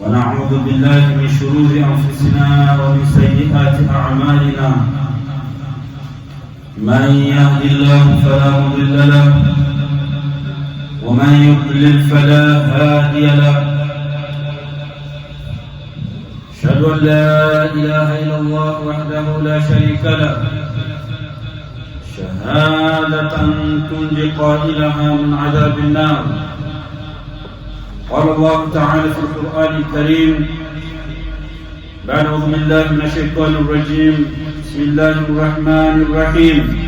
ونعوذ بالله من شرور أنفسنا ومن سيئات أعمالنا من يهد الله فلا مضل له ومن يضلل فلا هادي له أشهد أن لا إله إلا الله وحده لا شريك له شهادة تنجي قائلها من عذاب النار قال الله تعالى في القرآن الكريم بعد أعوذ بالله من الشيطان الرجيم بسم الله الرحمن الرحيم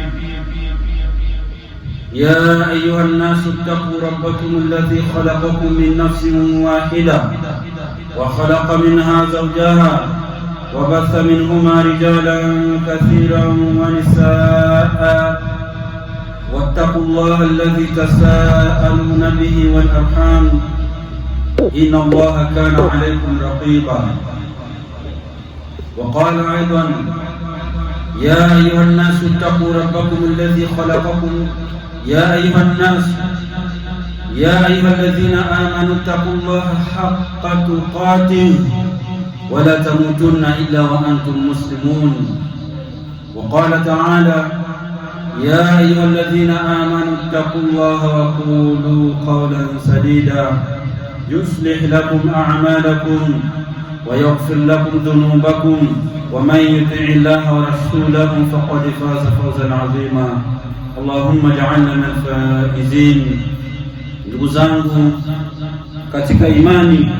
يا أيها الناس اتقوا ربكم الذي خلقكم من نفس واحدة وخلق منها زوجها وبث منهما رجالا كثيرا ونساء واتقوا الله الذي تساءلون به والأرحام إن الله كان عليكم رقيبا وقال أيضا يا أيها الناس اتقوا ربكم الذي خلقكم يا أيها الناس يا أيها الذين آمنوا اتقوا الله حق تقاته ولا تموتن إلا وأنتم مسلمون وقال تعالى يا أيها الذين آمنوا اتقوا الله وقولوا قولا سديدا يصلح لكم أعمالكم ويغفر لكم ذنوبكم ومن يطع الله ورسوله فقد فاز فوزا عظيما اللهم اجعلنا من الفائزين. Ndugu zangu katika imani,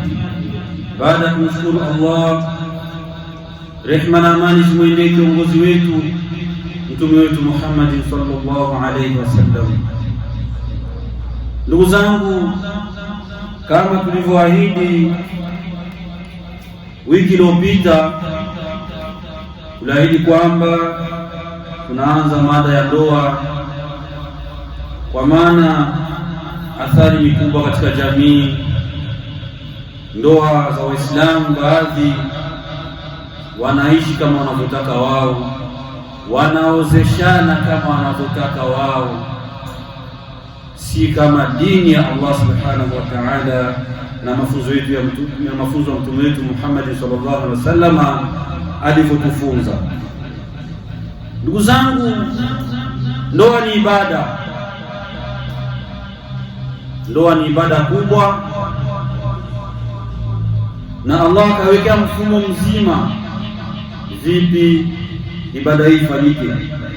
baada ya kumshukuru Allah, rehma na amani zimwendee kiongozi wetu mtume wetu Muhammadin sallallahu alaihi wasallam. Ndugu zangu kama tulivyoahidi wiki iliyopita, tuliahidi kwamba tunaanza mada ya ndoa, kwa maana athari mikubwa katika jamii. Ndoa za Waislamu baadhi wanaishi kama wanavyotaka wao, wanaozeshana kama wanavyotaka wao si kama dini ya Allah subhanahu wa ta'ala, na mafunzo yetu ya mtume na mafunzo ya mtume wetu Muhammad sallallahu alaihi wasallam alivyotufunza. Ndugu zangu, ndoa ni ibada, ndoa ni ibada kubwa, na Allah akawekea mfumo mzima vipi ibada hii ifanyike.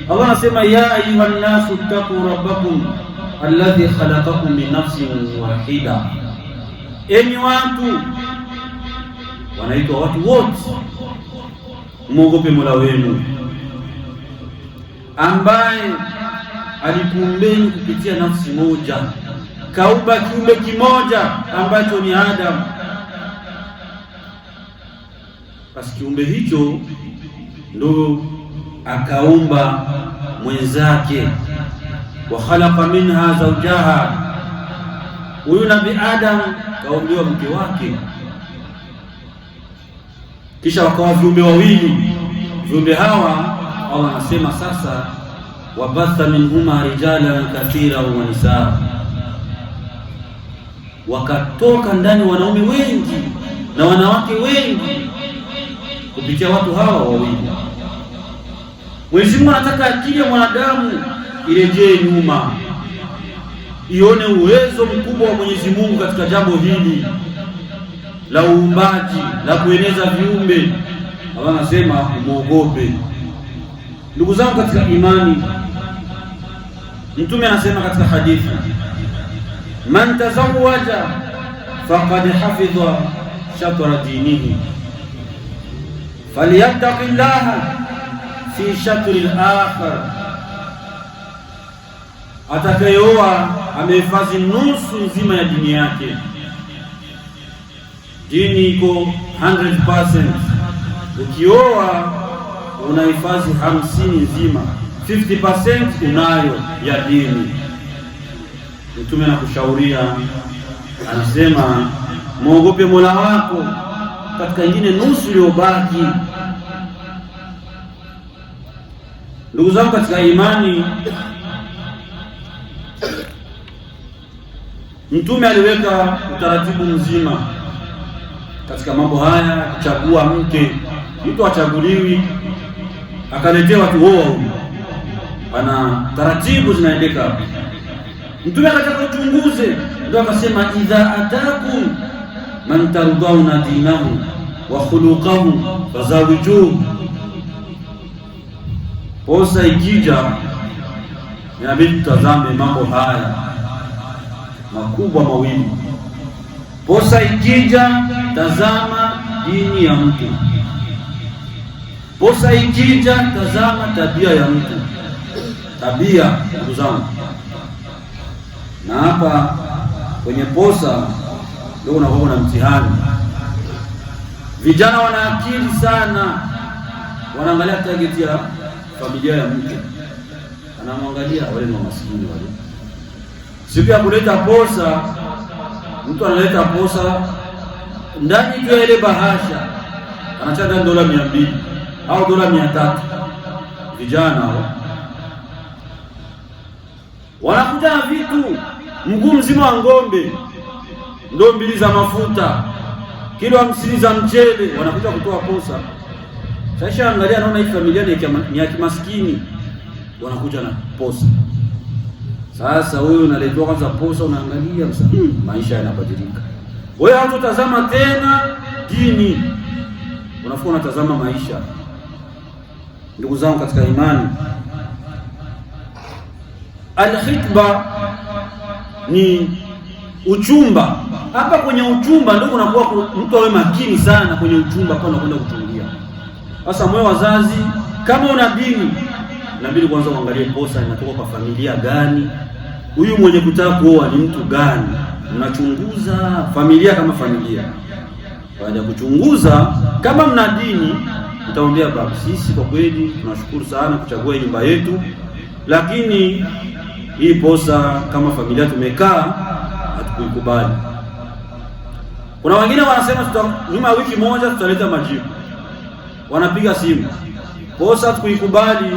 Allah anasema ya ayuha nnasu ttaquu rabbakum alladhi khalaqakum min nafsin wahida, enyi watu wanaitwa watu wote, mwogope Mola wenu ambaye alikuumbeni kupitia nafsi moja, kauba kiumbe kimoja ambacho ni Adamu. Basi kiumbe hicho ndo akaumba mwenzake wa khalaqa minha zawjaha, huyu Nabi Adam kaumbiwa mke wake, kisha wakawa viumbe wawili. Viumbe hawa au wanasema sasa, wabatha minhuma rijalan kathira wa nisaa, wakatoka ndani wanaume wengi na wanawake wengi kupitia watu hawa wawili. Mwenyezi Mungu anataka akija mwanadamu irejee nyuma, ione uwezo mkubwa wa Mwenyezi Mungu katika jambo hili la uumbaji la kueneza viumbe. Anasema muogope. Ndugu zangu katika imani, Mtume anasema katika hadithi, man tazawaja faqad hafidha shatra dinihi falyattaqillaha fi shatri al Atakayeoa amehifadhi nusu nzima ya dini yake. Dini iko 100%. Ukioa unahifadhi hamsini nzima, 50% unayo ya dini. Mtume anakushauria, anasema muogope Mola wako katika ingine nusu iliyobaki. Ndugu zangu katika imani Mtume aliweka utaratibu mzima katika mambo haya, kuchagua mke. Mtu achaguliwi akaletea watu hoa huyu, pana taratibu zinaendeka hapo. Mtume akataka uchunguze, ndio akasema idha ataku man tardauna dinahu wa khuluqahu fazawijuhu. Posa ikija inabidi tutazame mambo haya makubwa mawili. Posa ikija, tazama dini ya mtu. Posa ikija, tazama tabia ya mtu. Tabia, ndugu zangu, na hapa kwenye posa ndio unakuwa na mtihani. Vijana wana akili sana, wanaangalia target ya familia ya mtu, anamwangalia wale ni maskini wale siku ya kuleta posa, mtu analeta posa ndani ya ile bahasha, anachanga dola mia mbili au dola mia tatu vijana hao wanakuja na vitu mguu mzima wa ng'ombe, ndoo mbili za mafuta, kilo hamsini za mchele, wanakuja kutoa posa. Sasa angalia, naona hii familia ni ya kimaskini, wanakuja na posa. Sasa wewe unaletewa kwanza posa, unaangalia sasa, hmm. maisha yanabadilika. Wewe hautotazama tena dini, unafua unatazama maisha. Ndugu zangu katika imani, alhitba ni uchumba. Hapa kwenye uchumba ndio unakuwa mtu awe makini sana kwenye uchumba, kwa unakwenda kuchungia. Sasa mwe wazazi, kama una dini inabidi kwanza uangalie posa inatoka kwa familia gani, huyu mwenye kutaka kuoa ni mtu gani. Mnachunguza familia kama familia. Baada ya kuchunguza, kama mna dini, mtaombea baba, sisi kwa kweli tunashukuru sana kuchagua nyumba yetu, lakini hii posa kama familia tumekaa hatukuikubali. Kuna wengine wanasema nyuma ya wiki moja tutaleta majibu, wanapiga simu posa hatukuikubali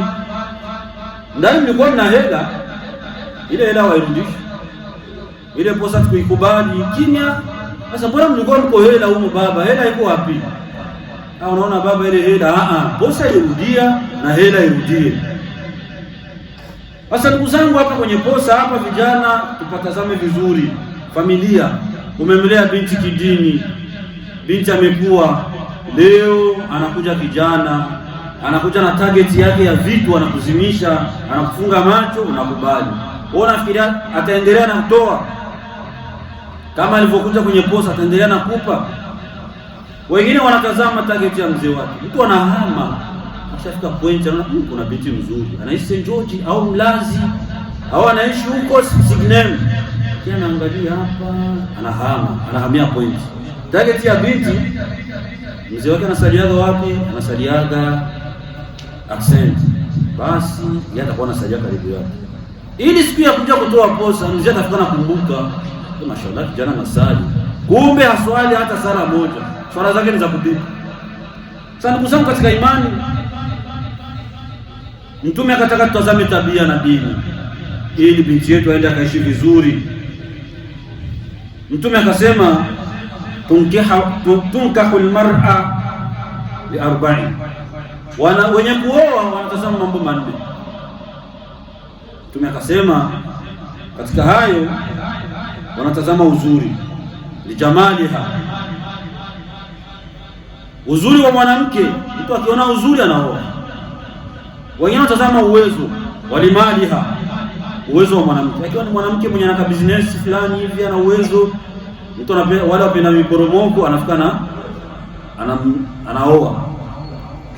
ndani mlikuwa mna hela, ile hela wairudishi, ile posa tukuikubali kimya. Sasa mbona mlikuwa mko hela huko, baba hela iko wapi? Ah, unaona baba, ile hela a ah, a, ah, posa irudia na hela irudie. Sasa ndugu zangu, hapa kwenye posa hapa, vijana tupatazame vizuri. Familia, umemlea binti kidini, binti amekuwa leo anakuja kijana anakuja na target yake ya vitu, anakuzimisha, anakufunga macho, unakubali. Wewe unafikiria ataendelea na kutoa kama alivyokuja kwenye posa, ataendelea na kupa? Wengine wanatazama target ya mzee wake, mtu anahama akishafika point anaona hmm, kuna binti mzuri, anaishi St George au Mlazi au anaishi huko Signem, kia anaangalia hapa, anahama anahamia point target ya binti. Mzee wake anasaliaga wapi? Anasaliaga Asante. Basi yeye atakuwa anasaidia karibu yake, ili siku ya kuja kutoa posa mzee atafika na kumbuka, mashallah, kijana nasali, kumbe haswali hata sala moja, swala zake ni za kupita. Sasa ndugu zangu katika imani, Mtume akataka tutazame tabia na dini ili binti yetu aende akaishi vizuri. Mtume akasema tunkahu lmara liarbain wana wenye kuoa wanatazama mambo manne. Mtume akasema katika hayo wanatazama uzuri, lijamaliha, uzuri wa mwanamke. Mtu akiona uzuri anaoa. Wengine wanatazama uwezo, walimaliha, uwezo wa mwanamke. Akiwa ni mwanamke mwenye anaka business fulani hivi, ana uwezo, mtu wale wapenda miporomoko, anafika na anaoa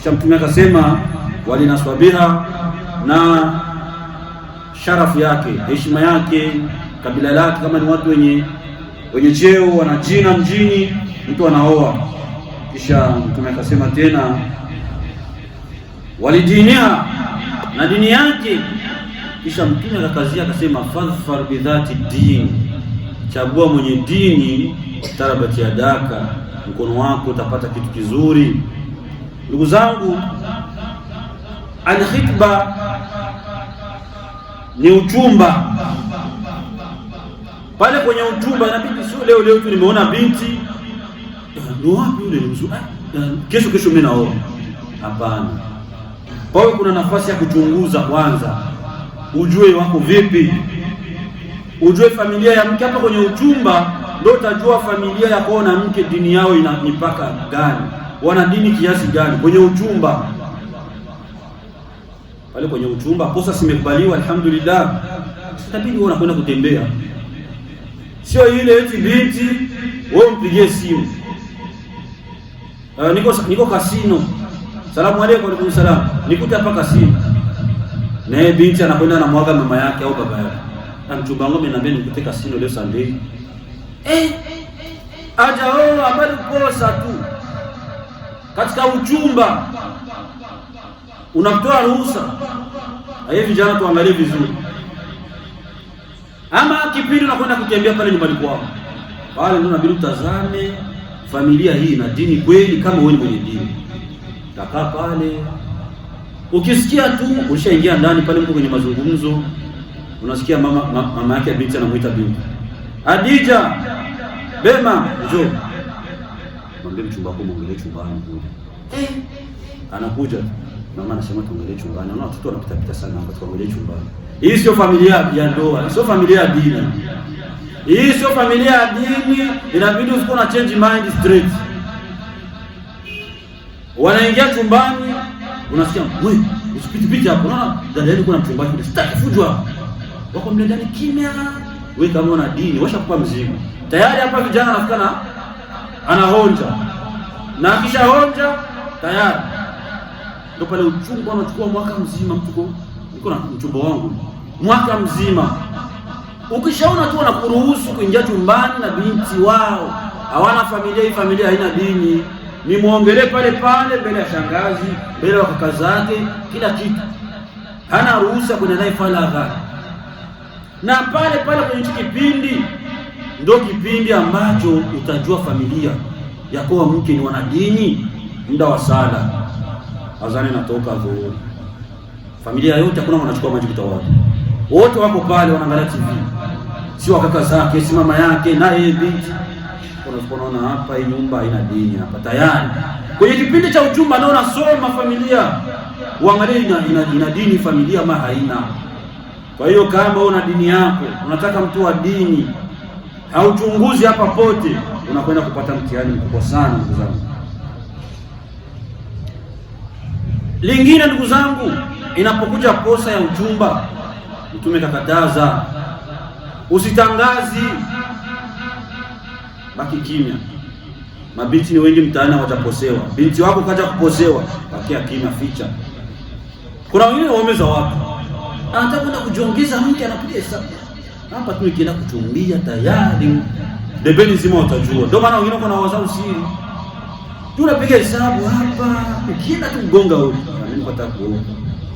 kisha Mtume akasema walinaswabiha na sharafu yake, heshima yake, kabila lake, kama ni watu wenye wenye cheo, wana jina mjini, mtu anaoa. Kisha Mtume akasema tena walidinia na dini yake. Kisha Mtume akakazia akasema, fadhfar bidhati dini, chagua mwenye dini, tarabati yadaka, mkono wako utapata kitu kizuri. Ndugu zangu, alkhitba ni uchumba. Pale kwenye uchumba inabidi sio leo leo tu nimeona binti ni wapi yule mzuri, ah, kesho kesho mimi naoa. Hapana, pawe kuna nafasi ya kuchunguza kwanza, ujue wako vipi, ujue familia ya mke. Hapa kwenye uchumba ndio utajua familia yako na mke, dini yao ina mipaka gani wana dini kiasi gani kwenye uchumba pale kwenye uchumba posa simekubaliwa, alhamdulillah, sitabidi wewe unakwenda kutembea, sio ile eti binti wewe umpigie simu uh, niko niko kasino, salamu alaykum, alaykum salam, nikuta hapa kasino, na yeye binti anakwenda na mwaga mama yake au baba yake, na mchumba wangu ameniambia nikute kasino leo Sunday, eh aja wewe, oh, habari kosa tu katika uchumba unamtoa ruhusa. Aye, vijana tuangalie vizuri, ama kipindi unakwenda kukiambia pale nyumbani kwao, pale, ndio nabidi utazame familia hii na dini kweli. Kama wewe ni mwenye dini, takaa pale. Ukisikia tu ushaingia ndani pale, mko kwenye mazungumzo, unasikia mama mama yake binti anamuita binti Adija, bema njoo mwambie mchumba wako muongelee chumbani kuja. Anakuja mama anasema tuangalie chumbani. Naona watoto wanapita pita sana hapa tuongelee chumbani. Hii sio familia ya ndoa, sio familia ya dini. Hii sio familia ya dini, inabidi usiku na change mind straight. Wanaingia chumbani, unasikia wewe usipitipite hapo. Unaona dada yenu kuna mchumba wake sitaki fujwa. Wako mle ndani kimya. Wewe kama una dini, washakupa mzigo. Tayari hapa vijana nafikana anahonja, na honja tayari ndio pale uchumba anachukua mwaka mzima. Mtuko niko na mchumba wangu mwaka mzima, ukishaona tu anakuruhusu kuingia chumbani na binti wao, hawana familia. Hii familia haina dini, ni muongelee pale pale mbele ya shangazi, mbele ya kaka zake, kila kitu hana ruhusa kwenye naye falagha, na pale pale kwenye kipindi ndio kipindi ambacho utajua familia yako wa mke ni wanadini. Muda wa sala azani natoka dhuhuri, familia yote hakuna wanachukua maji kutawala, wote wako pale wanaangalia TV, si wakaka zake, si mama yake, yeye binti. Unaona hapa hii nyumba haina dini hapa tayari. Kwenye kipindi cha uchumba nao nasoma familia, uangalie ina, ina, ina dini familia ama haina. Kwa hiyo kama una dini yako unataka mtu wa dini na uchunguzi hapa pote, unakwenda kupata mtihani mkubwa sana ndugu zangu. Lingine ndugu zangu, inapokuja kosa ya uchumba, Mtume kakataza, usitangazi, baki kimya. Mabinti ni wengi mtaani watakosewa. Binti wako kaja kuposewa, bakia kimya, ficha. Kuna wengine waomeza watu, anataka kwenda kujiongeza mke, anapiga hesabu hapa tu nikienda kuchumbia tayari debeni zima utajua. Ndio maana wengine kuna wazao siri tu, unapiga hesabu hapa, ukienda tu kugonga huko, mimi nataka kuona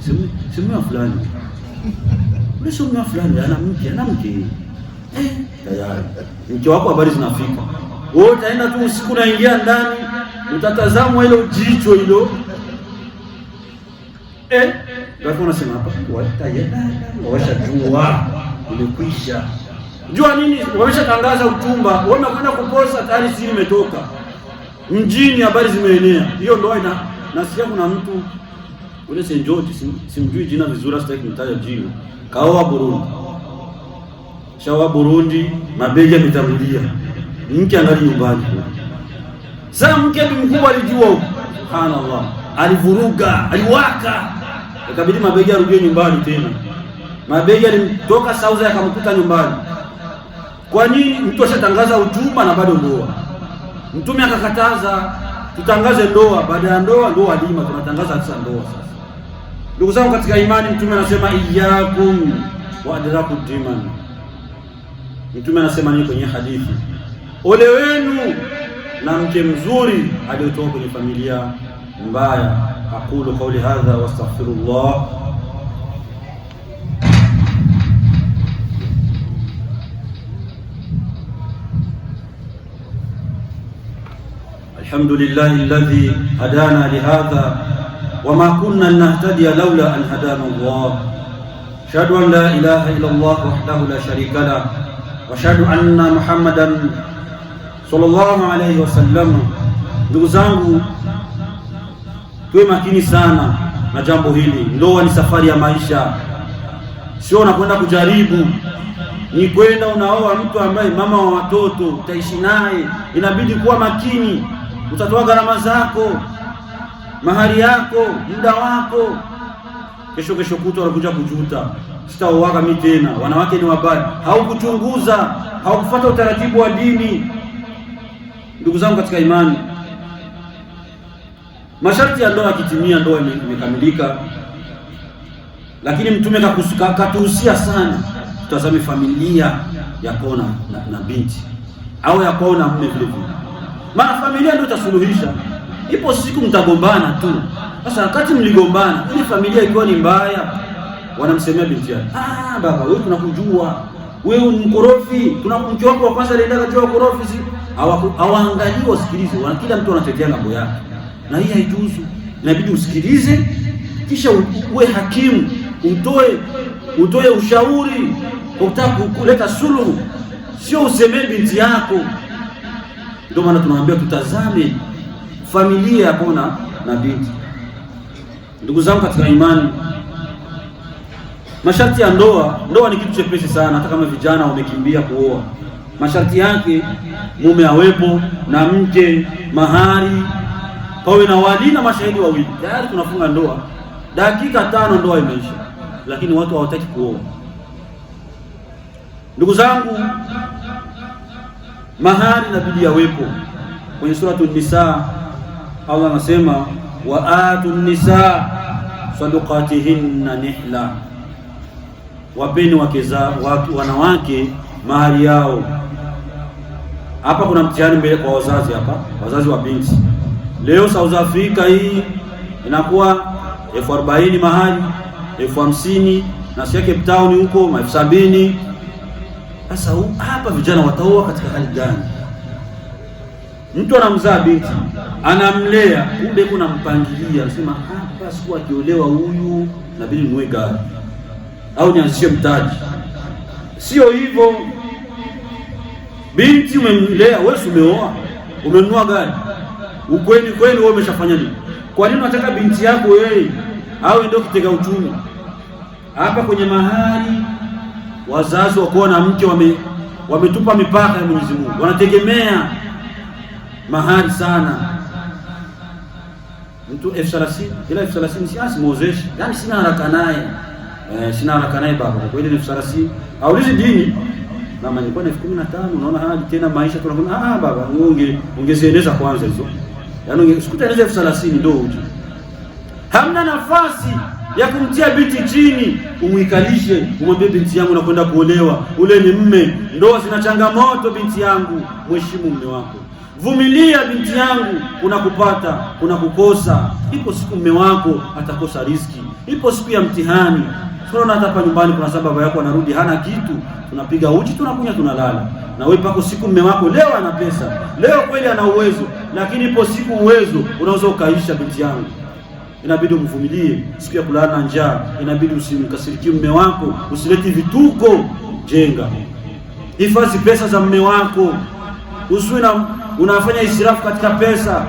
simu simu fulani simu ya fulani ana mke, ana mke. Eh, tayari. Mke wako habari zinafika. Wewe utaenda tu usiku unaingia ndani, utatazamwa ile ujicho hilo. Eh, ndio unasema hapa, kwa wataenda, washajua umekwisha. Jua nini? Wameshatangaza utumba, wao unakwenda kuposa, tayari siri imetoka mjini, habari zimeenea. Hiyo ndio ina nasikia, kuna mtu ule Saint George, simjui jina vizuri, sitaki kumtaja jina, kaoa Burundi, shawa Burundi, mabegi ametangulia, mke angali nyumbani. Sasa mke mkubwa alijua, subhanallah, alivuruga, aliwaka, ikabidi mabegi arudie nyumbani tena Mabegi alimtoka Sauza akamkuta nyumbani. Kwa nini mtu ashatangaza uchumba na bado ndoa? Mtume akakataza tutangaze ndoa, baada ya ndoa ndoa walima, tunatangaza sasa ndoa. Sasa ndugu zangu katika imani, mtume anasema iyyakum wa adraku diman. Mtume anasema nini kwenye hadithi? Ole wenu na mke mzuri aliyotoka kwenye familia mbaya. Aqulu qawli hadha astaghfirullah alhamdulillahi alladhi hadana lihadha wama kunna nahtadiya laula an hadana Allah ashhadu an la ilaha illa Allah wahdahu la sharika lah wa ashhadu anna Muhammadan sallallahu alayhi wasallam. Ndugu zangu, tuwe makini sana na jambo hili. Ndoa ni safari ya maisha, sio unakwenda kujaribu ni kwenda unaoa mtu ambaye mama wa watoto utaishi naye, inabidi kuwa makini utatoa gharama zako, mahari yako, muda wako. Kesho kesho kutwa wanakuja kujuta, sitaoaga mimi tena, wanawake ni wabaya. Haukuchunguza, haukufuata utaratibu wa dini. Ndugu zangu katika imani, masharti ya ndoa yakitimia, ndoa imekamilika. Lakini Mtume katuhusia sana tutazame familia ya kona na, na binti au ya kona mume vile vile maana familia ndio itasuluhisha. Ipo siku mtagombana tu. Sasa wakati mligombana, ili familia ikiwa ni mbaya, wanamsemea binti yake, ah, baba wewe tunakujua wewe ni mkorofi, tunakujua kwa wako wa kwanza alienda katika ukorofi. Si hawaangalii wasikilize, wana kila mtu anatetea mambo yake, na hii haijuzu. Inabidi usikilize, kisha uwe hakimu, utoe utoe ushauri kwa kutaka kuleta suluhu, sio usemee binti yako. Ndio maana tunawaambia tutazame familia Bona na binti. Ndugu zangu katika imani, masharti ya ndoa, ndoa ni kitu chepesi sana, hata kama vijana wamekimbia kuoa. Masharti yake mume awepo na mke, mahari, pawe na wali na mashahidi wawili, tayari tunafunga ndoa. Dakika tano ndoa imeisha, lakini watu hawataki kuoa. Ndugu zangu mahari inabidi yawepo. Kwenye suratu nisa Allah anasema wa atu nisa sadukatihinna nihla, wapeni wake za wanawake mahari yao. Hapa kuna mtihani mbele kwa wazazi hapa, wazazi wa binti. Leo South Africa hii inakuwa elfu arobaini mahari elfu hamsini nasikia Cape Town huko elfu sabini sasa hapa vijana wataoa katika hali gani? Mtu anamzaa binti anamlea, kumbe kuna mpangilia, anasema hapa siku akiolewa huyu nabidi ninunue gari au nianzishe mtaji. Sio hivyo, binti umemlea wewe, umeoa umenunua gari, ukweni kweli wewe umeshafanya nini? Kwa nini unataka binti yako yeye au ndio kitega uchumi hapa kwenye mahali Wazazi wakuwa na mke wame, wametupa mipaka ya Mwenyezi Mungu, wanategemea mahali sana mtu elfu thelathini ila elfu thelathini si asimwozeshe, yaani sina haraka naye eh, sina haraka naye baba, kwa kweli elfu thelathini aulizi dini mama, nilikuwa na elfu kumi na tano unaona hadi tena maisha tunakuna. Ah, ah, baba unge ungezieleza kwanza hizo, yaani ungesikuta elfu thelathini ndio uje, hamna nafasi ya kumtia binti chini, umwikalishe, umwambie binti yangu nakwenda kuolewa, ule ni mme, ndoa zina changamoto, binti yangu, mheshimu mme wako, vumilia binti yangu, kuna kupata kuna kukosa. Ipo siku mme wako atakosa riziki, ipo siku ya mtihani. Tunaona hata hapa nyumbani, kuna sababu baba yako anarudi hana kitu, tunapiga uji, tunakunywa, tunalala na wewe pako siku. Mme wako leo ana pesa, leo kweli ana uwezo, lakini ipo siku uwezo unaweza ukaisha, binti yangu inabidi umvumilie siku ya kulala na njaa, inabidi usimkasirikie mume wako, usileti vituko, jenga, hifadhi pesa za mume wako, usiwe na unafanya israfu katika pesa.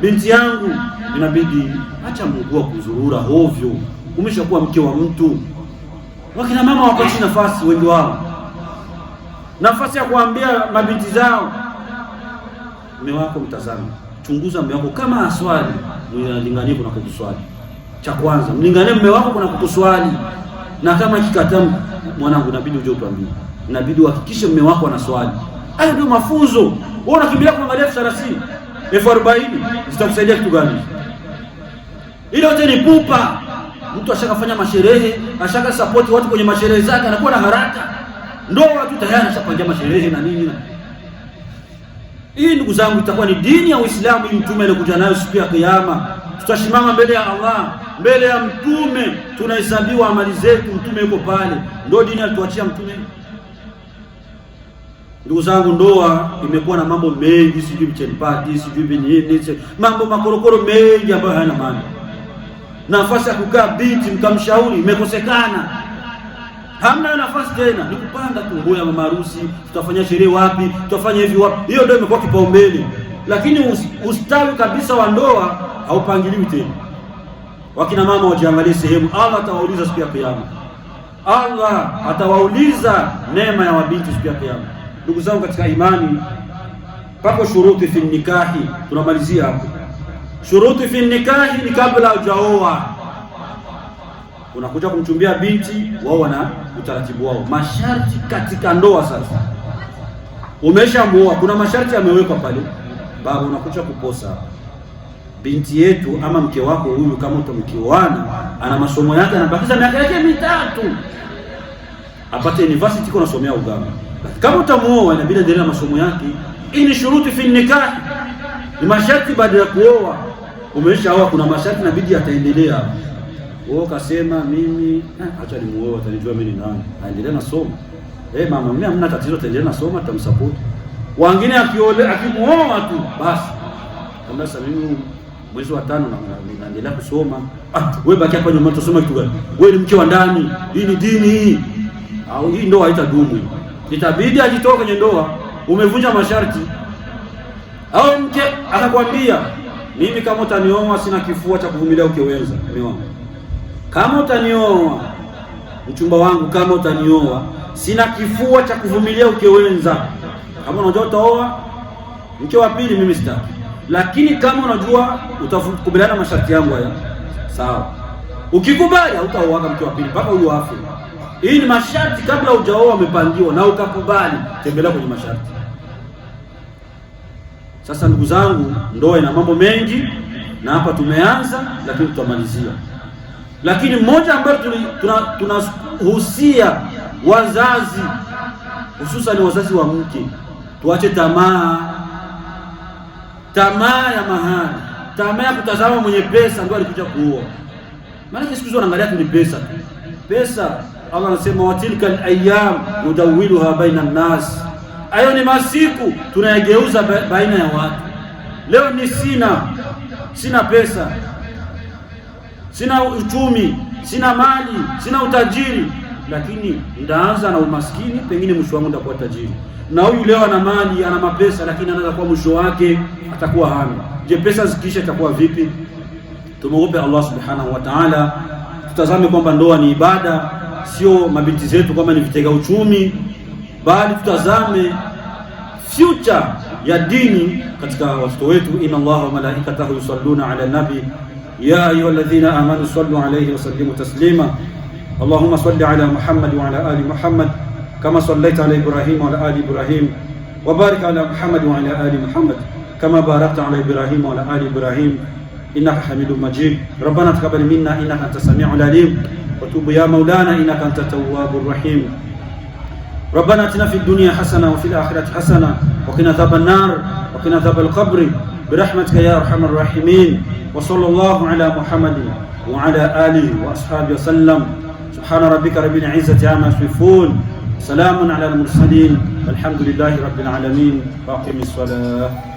Binti yangu, inabidi acha mguu kuzurura hovyo, umeshakuwa mke wa mtu. Wakina mama wapati nafasi, wengi wao nafasi ya kuambia mabinti zao, mume wako mtazame chunguza mume wako kama aswali mlinganie kuna kukuswali. Cha kwanza mlinganie mume wako kuna kukuswali, na kama kikataa, mwanangu, inabidi uje utuambie, inabidi uhakikishe mume wako anaswali. Hayo ndio mafunzo. Wewe unakimbilia kuangalia elfu thelathini elfu arobaini zitakusaidia kitu gani? Ile yote ni pupa. Mtu ashakafanya masherehe, ashaka support watu kwenye masherehe zake, anakuwa na haraka ndoa tu tayari, ashapangia masherehe na nini na hii ndugu zangu, itakuwa ni dini ya Uislamu. Hii mtume alikuja nayo siku ya Kiyama. tutashimama mbele ya Allah, mbele ya mtume, tunahesabiwa amali zetu. Mtume yuko pale, ndio dini alituachia mtume. Ndugu zangu, ndoa imekuwa na mambo mengi, sijui mchenipati, sijui nini, mambo makorokoro mengi ambayo hayana maana. Nafasi ya kukaa binti mkamshauri imekosekana hamna nafasi tena, ni kupanga tu, ya mama harusi, tutafanya sherehe wapi, tutafanya hivi wapi. Hiyo ndio imekuwa kipaumbele, lakini ustawi kabisa wa ndoa haupangiliwi tena. Wakina mama wajiangalie sehemu, Allah atawauliza siku ya Kiyama. Allah atawauliza neema ya wabinti siku ya Kiyama. Ndugu zangu katika imani, pako shuruti fi nikahi. Tunamalizia hapo, shuruti fi nikahi ni kabla hujaoa unakuja kumchumbia binti, wao wana utaratibu wao, masharti katika ndoa. Sasa umeshamuoa, kuna masharti yamewekwa pale. Baba, unakuja kuposa binti yetu ama mke wako huyu, kama utamkioana, ana masomo yake, anabakiza miaka yake mitatu apate university, kuna somea uganga. Kama utamuoa, inabidi endelea na masomo yake. Hii ni shuruti fi nikah, ni masharti baada ya kuoa. Umeshaoa, kuna masharti inabidi ataendelea wewe kasema mimi eh, acha nimuoe, atanijua mimi ni nani. Aendelee na somo. Eh, mama mimi hamna tatizo, taendelea na somo, tutamsupport. Wengine akiole akimuoa tu basi. Kama sasa mimi mwezi wa tano na naendelea kusoma. Ah, wewe baki hapa nyumbani tusoma kitu gani? Wewe ni mke wa ndani. Hii ni dini hii. Au ah, hii ndoa haitadumu. Itabidi ajitoe kwenye ndoa. Umevunja masharti. Au mke atakwambia mimi kama utanioa sina kifua cha kuvumilia ukiweza. Niona kama utanioa mchumba wangu, kama utanioa, sina kifua cha kuvumilia uke wenza. Kama unajua utaoa mke wa pili, mimi sitaki, lakini kama unajua utakubaliana masharti yangu haya, sawa. Ukikubali hautaoa mke wa pili mpaka huyo afe. Hii ni masharti kabla hujaoa umepangiwa, na ukakubali, tembelea kwenye masharti. Sasa ndugu zangu, ndoa ina mambo mengi, na hapa tumeanza, lakini tutamalizia. Lakini mmoja ambayo tunahusia tuna wazazi ni wazazi wa mke, tuache tamaa, tamaa ya mahari, tamaa ya kutazama mwenye pesa ndio alikuja kuoa. Maana siku hizi wanaangalia tu ni pesa tu, pesa. Allah anasema watilka alayam nudawiluha baina nnas, hayo ni masiku tunayageuza baina ya watu. Leo ni sina sina pesa sina uchumi, sina mali, sina utajiri, lakini ndaanza na umaskini, pengine mwisho wangu ndakuwa tajiri. Na huyu leo ana mali, ana mapesa, lakini anaweza kuwa mwisho wake atakuwa hana. Je, pesa zikiisha itakuwa vipi? Tumuombe Allah subhanahu wa ta'ala, tutazame kwamba ndoa ni ibada, sio mabinti zetu kwamba ni vitega uchumi, bali tutazame future ya dini katika watoto wetu. inna Allaha wa malaikatahu yusalluna ala nabi يا أيها الذين آمنوا صلوا عليه وسلموا تسليما اللهم صل على محمد وعلى آل محمد كما صليت على إبراهيم وعلى آل إبراهيم وبارك على محمد وعلى آل محمد كما باركت على إبراهيم وعلى آل إبراهيم إنك حميد مجيد ربنا تقبل منا إنك أنت السميع العليم وتوب يا مولانا إنك أنت التواب الرحيم ربنا اتنا في الدنيا حسنة وفي الآخرة حسنة وقنا عذاب النار وقنا عذاب القبر برحمتك يا أرحم الراحمين وصلى الله على محمد وعلى آله وأصحابه وسلم سبحان ربك رب العزة عما يصفون سلام على المرسلين والحمد لله رب العالمين وأقم الصلاة